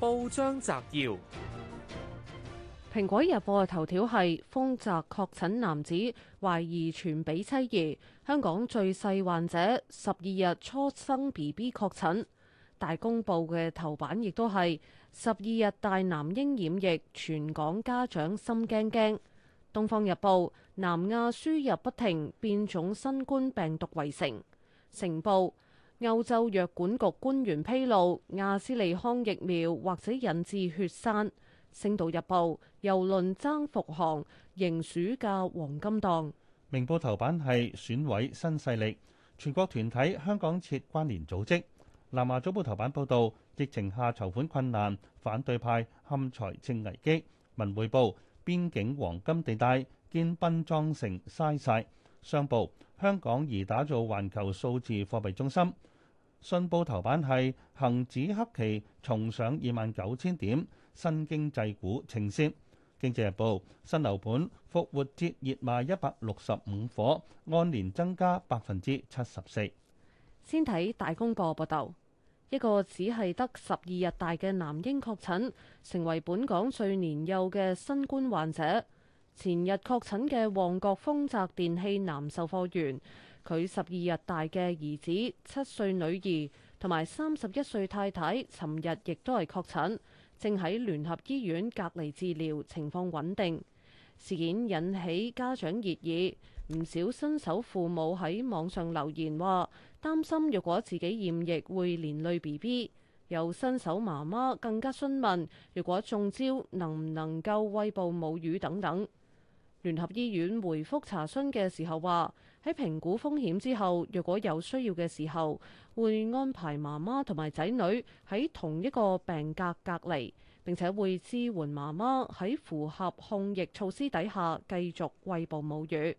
報章摘要：《蘋果日報》嘅頭條係豐澤確診男子懷疑傳俾妻兒；香港最細患者十二日初生 B B 確診。大公報嘅頭版亦都係十二日大男嬰染疫，全港家長心驚驚。東方日報：南亞輸入不停，變種新冠病毒圍城。成報。歐洲藥管局官員披露，阿斯利康疫苗或者引致血栓。星島日報郵輪爭復航，迎暑假黃金檔。明報頭版係選委新勢力，全國團體香港設關聯組織。南華早報頭版報道，疫情下籌款困難，反對派陷財政危機。文匯報邊境黃金地帶，堅賓莊城嘥晒商報。香港而打造環球數字貨幣中心。信報頭版係恒指黑期重上二萬九千點，新經濟股呈現。經濟日報，新樓盤復活節熱賣一百六十五伙，按年增加百分之七十四。先睇大公報報道：一個只係得十二日大嘅男嬰確診，成為本港最年幼嘅新冠患者。前日確診嘅旺角豐澤電器男售貨員，佢十二日大嘅兒子、七歲女兒同埋三十一歲太太，尋日亦都係確診，正喺聯合醫院隔離治療，情況穩定。事件引起家長熱議，唔少新手父母喺網上留言話擔心，若果自己染疫會連累 BB。有新手媽媽更加詢問，如果中招能唔能夠餵哺母乳等等。聯合醫院回覆查詢嘅時候話，喺評估風險之後，若果有需要嘅時候，會安排媽媽同埋仔女喺同一個病格隔離，並且會支援媽媽喺符合控疫措施底下繼續餵哺母乳。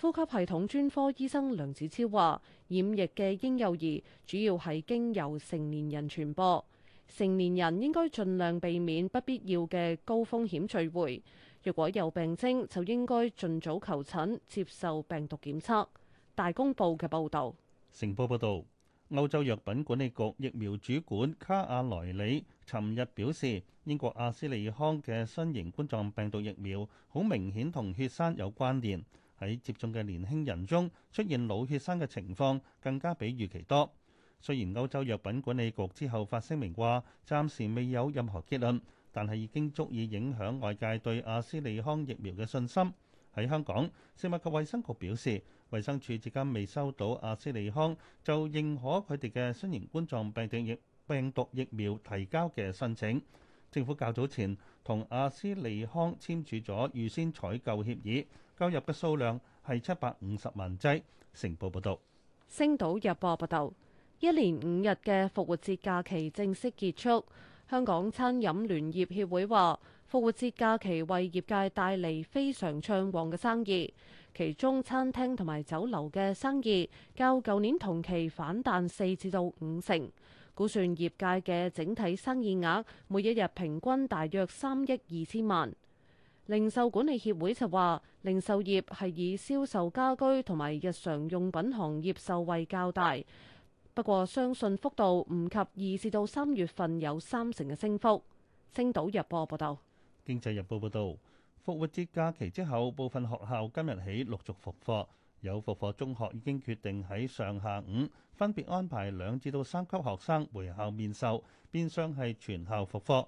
呼吸系統專科醫生梁子超話，染疫嘅嬰幼兒主要係經由成年人傳播，成年人應該盡量避免不必要嘅高風險聚會。若果有病徵，就應該盡早求診，接受病毒檢測。大公報嘅報導，成報報導，歐洲藥品管理局疫苗主管卡亞萊里尋日表示，英國阿斯利康嘅新型冠狀病毒疫苗好明顯同血栓有關聯，喺接種嘅年輕人中出現腦血栓嘅情況更加比預期多。雖然歐洲藥品管理局之後發聲明話，暫時未有任何結論。但係已經足以影響外界對阿斯利康疫苗嘅信心。喺香港，食物及衛生局表示，衛生署至今未收到阿斯利康就認可佢哋嘅新型冠狀病毒疫苗提交嘅申請。政府較早前同阿斯利康簽署咗預先採購協議，交入嘅數量係七百五十萬劑。成報報道：星島日報報道，一連五日嘅復活節假期正式結束。香港餐飲聯業協會話：復活節假期為業界帶嚟非常暢旺嘅生意，其中餐廳同埋酒樓嘅生意較舊年同期反彈四至到五成，估算業界嘅整體生意額每一日平均大約三億二千萬。零售管理協會就話：零售業係以銷售家居同埋日常用品行業受惠較大。不過相信幅度唔及二至到三月份有三成嘅升幅。星島日報報道：經濟日報報道，復活節假期之後，部分學校今日起陸續復課，有復課中學已經決定喺上下午分別安排兩至到三級學生回校面授，變相係全校復課。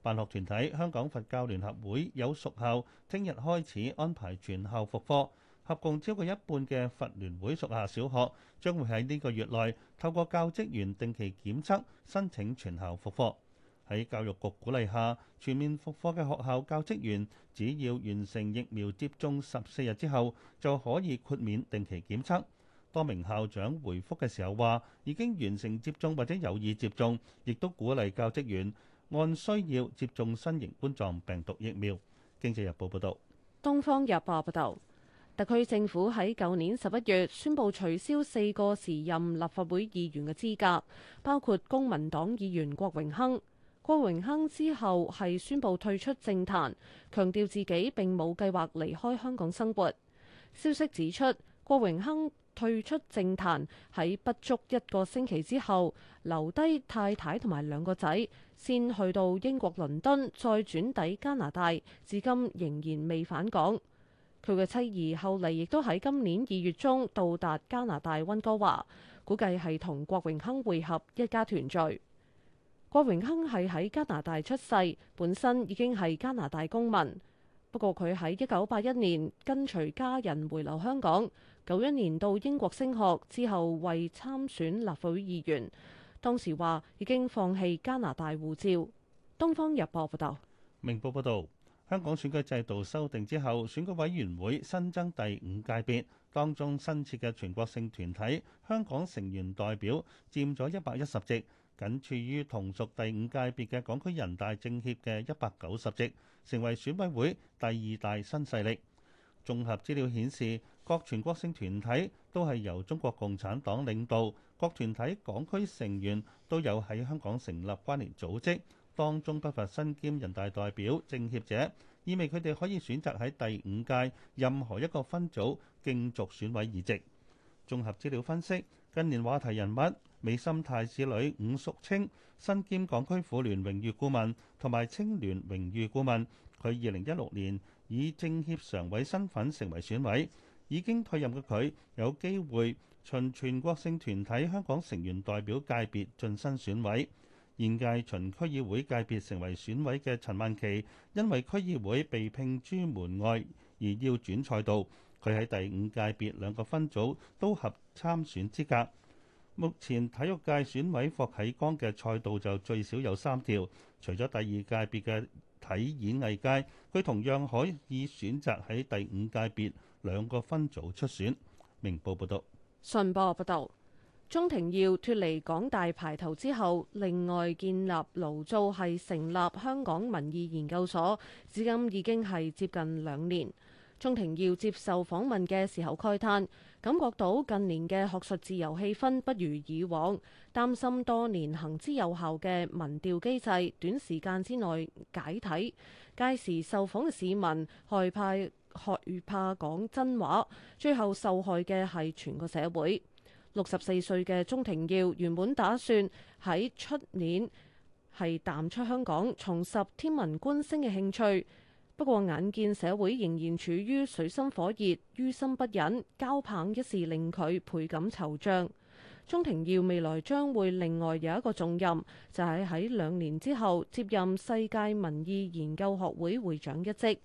辦學團體香港佛教聯合會有屬校聽日開始安排全校復課。合共超過一半嘅佛聯會屬下小學將會喺呢個月內透過教職員定期檢測申請全校復課。喺教育局鼓勵下，全面復課嘅學校教職員只要完成疫苗接種十四日之後，就可以豁免定期檢測。多名校長回覆嘅時候話，已經完成接種或者有意接種，亦都鼓勵教職員按需要接種新型冠狀病毒疫苗。經濟日報報道，東方日報報道。特區政府喺舊年十一月宣布取消四個時任立法會議員嘅資格，包括公民黨議員郭榮鏗。郭榮鏗之後係宣布退出政壇，強調自己並冇計劃離開香港生活。消息指出，郭榮鏗退出政壇喺不足一個星期之後，留低太太同埋兩個仔，先去到英國倫敦，再轉抵加拿大，至今仍然未返港。佢嘅妻兒後嚟亦都喺今年二月中到達加拿大溫哥華，估計係同郭榮鏗會合一家團聚。郭榮鏗係喺加拿大出世，本身已經係加拿大公民，不過佢喺一九八一年跟隨家人回流香港，九一年到英國升學之後為參選立法會議員，當時話已經放棄加拿大護照。東方日報報道。明報報道。香港選舉制度修訂之後，選舉委員會新增第五界別，當中新設嘅全國性團體香港成員代表佔咗一百一十席，僅次於同屬第五界別嘅港區人大政協嘅一百九十席，成為選委會第二大新勢力。綜合資料顯示，各全國性團體都係由中國共產黨領導，各團體港區成員都有喺香港成立關聯組織。當中不乏身兼人大代表、政協者，意味佢哋可以選擇喺第五屆任何一個分組競逐選委議席。綜合資料分析，近年話題人物美心太子女伍淑清身兼港區婦聯榮譽顧問同埋青聯榮譽顧問，佢二零一六年以政協常委身份成為選委，已經退任嘅佢有機會循全國性團體香港成員代表界別晉身選委。現屆循區議會界別成為選委嘅陳曼琪，因為區議會被摒諸門外而要轉賽道。佢喺第五界別兩個分組都合參選資格。目前體育界選委霍啟剛嘅賽道就最少有三條，除咗第二界別嘅體演藝界，佢同樣可以選擇喺第五界別兩個分組出選。明報報道，信報道。鍾庭耀脫離港大排頭之後，另外建立勞造系，成立香港民意研究所，至今已經係接近兩年。鐘庭耀接受訪問嘅時候慨嘆，感覺到近年嘅學術自由氣氛不如以往，擔心多年行之有效嘅民調機制短時間之內解體，屆時受訪嘅市民害怕害怕，怕講真話最後受害嘅係全個社會。六十四歲嘅鍾庭耀原本打算喺出年係淡出香港，重拾天文觀星嘅興趣。不過眼見社會仍然處於水深火熱，於心不忍，交棒一事令佢倍感惆悵。鍾庭耀未來將會另外有一個重任，就係、是、喺兩年之後接任世界民意研究學會會長一職。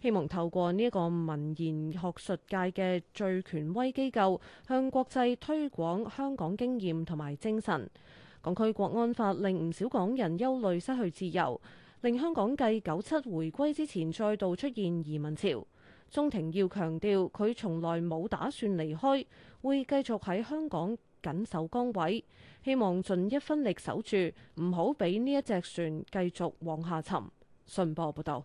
希望透過呢一個文言學術界嘅最權威機構，向國際推廣香港經驗同埋精神。港區國安法令唔少港人憂慮失去自由，令香港繼九七回歸之前再度出現移民潮。鍾庭耀強調，佢從來冇打算離開，會繼續喺香港緊守崗位，希望盡一分力守住，唔好俾呢一隻船繼續往下沉。信報報道。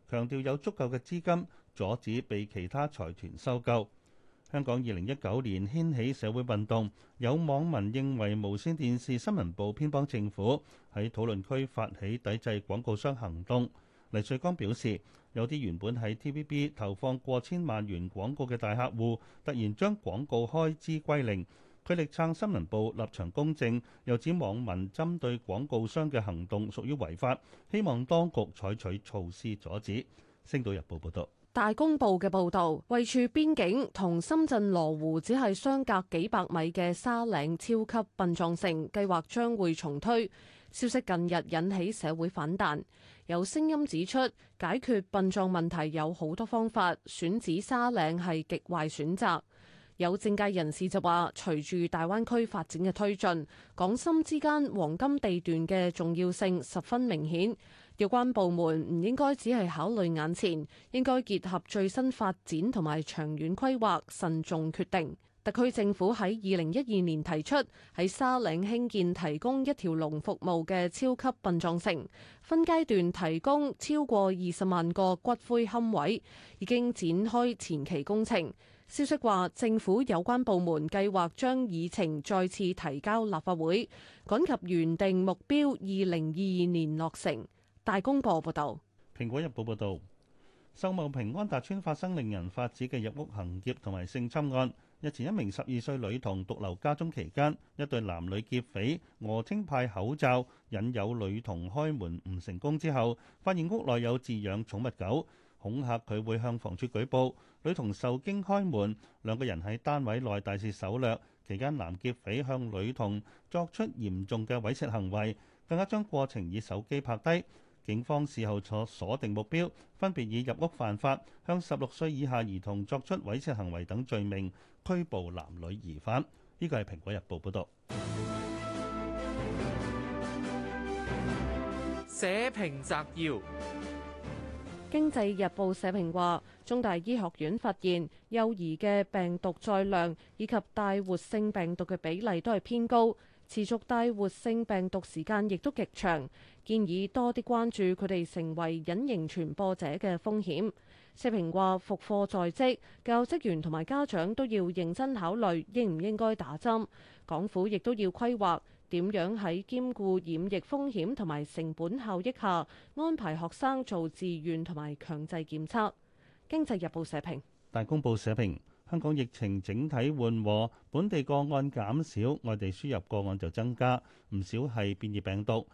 強調有足夠嘅資金阻止被其他財團收購。香港二零一九年掀起社會運動，有網民認為無線電視新聞部偏幫政府，喺討論區發起抵制廣告商行動。黎瑞剛表示，有啲原本喺 TVB 投放過千萬元廣告嘅大客戶，突然將廣告開支歸零。佢力撐《新聞報》立場公正，又指網民針對廣告商嘅行動屬於違法，希望當局採取措施阻止。《星島日報》報道，大公報嘅報導，位處邊境同深圳羅湖只係相隔幾百米嘅沙嶺超級殯葬城計劃將會重推，消息近日引起社會反彈，有聲音指出解決殯葬問題有好多方法，選址沙嶺係極壞選擇。有政界人士就話：隨住大灣區發展嘅推進，港深之間黃金地段嘅重要性十分明顯。有關部門唔應該只係考慮眼前，應該結合最新發展同埋長遠規劃慎重決定。特區政府喺二零一二年提出喺沙嶺興建提供一條龍服務嘅超級殯葬城，分階段提供超過二十萬個骨灰龕位，已經展開前期工程。消息話，政府有關部門計劃將議程再次提交立法會，趕及原定目標二零二二年落成。大公報報道。《蘋果日報》報道，秀茂坪安達邨發生令人髮指嘅入屋行劫同埋性侵案。日前一名十二歲女童獨留家中期間，一對男女劫匪訛稱派口罩引誘女童開門，唔成功之後，發現屋內有飼養寵物狗。恐嚇佢會向房署舉報，女童受驚開門，兩個人喺單位內大肆搜掠，期間男劫匪向女童作出嚴重嘅猥褻行為，更加將過程以手機拍低。警方事後坐鎖定目標，分別以入屋犯法、向十六歲以下兒童作出猥褻行為等罪名拘捕男女疑犯。呢個係《蘋果日報》報導。社評摘要。經濟日報社評話，中大醫學院發現幼兒嘅病毒載量以及帶活性病毒嘅比例都係偏高，持續帶活性病毒時間亦都極長，建議多啲關注佢哋成為隱形傳播者嘅風險。社評話，復課在即，教職員同埋家長都要認真考慮應唔應該打針，港府亦都要規劃。點樣喺兼顧染疫風險同埋成本效益下安排學生做自願同埋強制檢測？經濟日報社評。大公報社評，香港疫情整體緩和，本地個案減少，外地輸入個案就增加，唔少係變異病毒。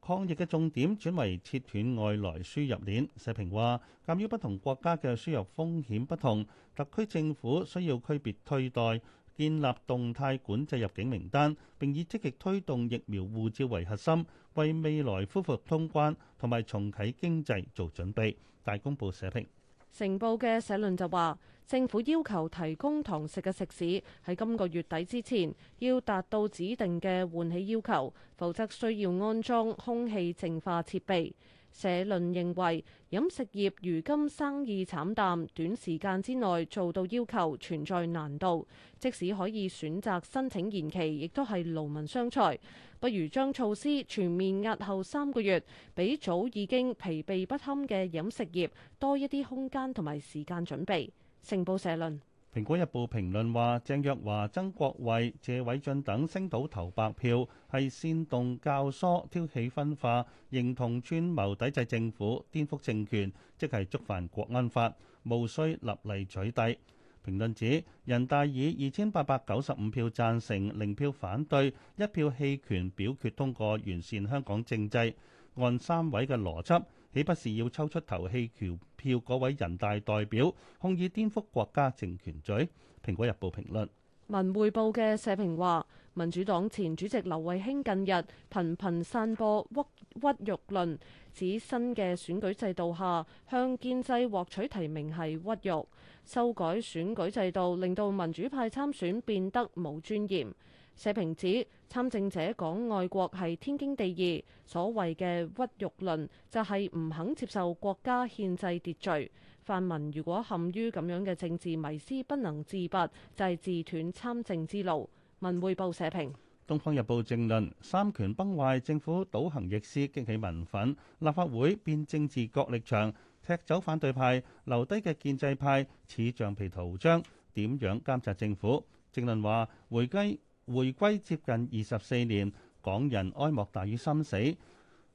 抗疫嘅重點轉為切斷外來輸入鏈。社評話，鑑於不同國家嘅輸入風險不同，特區政府需要區別對待。建立動態管制入境名單，並以積極推動疫苗護照為核心，為未來恢復通關同埋重啟經濟做準備。大公報社評，成報嘅社論就話，政府要求提供堂食嘅食肆喺今個月底之前要達到指定嘅換氣要求，否則需要安裝空氣淨化設備。社論認為，飲食業如今生意慘淡，短時間之內做到要求存在難度。即使可以選擇申請延期，亦都係勞民傷財。不如將措施全面押後三個月，俾早已經疲憊不堪嘅飲食業多一啲空間同埋時間準備。成報社論。《蘋果日報》評論話：鄭若驊、曾國衛、謝偉俊等星島投白票，係煽動教唆、挑起分化、認同串謀、抵制政府、顛覆政權，即係觸犯國安法，無需立例取締。評論指人大以二千八百九十五票贊成、零票反對、一票棄權表決通過完善香港政制。按三位嘅邏輯，豈不是要抽出投棄權票嗰位人大代表，控以顛覆國家政權罪？《蘋果日報》評論。《文匯報》嘅社評話，民主黨前主席劉慧卿近日頻頻散播屈屈辱論，指新嘅選舉制度下向建制獲取提名係屈辱，修改選舉制度令到民主派參選變得冇尊嚴。社評指參政者講愛國係天經地義，所謂嘅屈辱論就係唔肯接受國家憲制秩序。泛民如果陷於咁樣嘅政治迷思，不能自拔，就係自斷參政之路。文匯報社評《東方日報政論》三權崩壞，政府倒行逆施，激起民憤。立法會變政治角力場，踢走反對派，留低嘅建制派似橡皮圖章，點樣監察政府？政論話回歸。回歸接近二十四年，港人哀莫大於心死。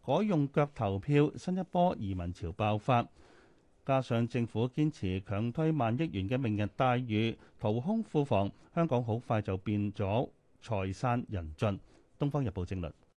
改用腳投票，新一波移民潮爆發，加上政府堅持強推萬億元嘅明日大嶼，掏空庫房，香港好快就變咗財散人盡。《東方日報》正論。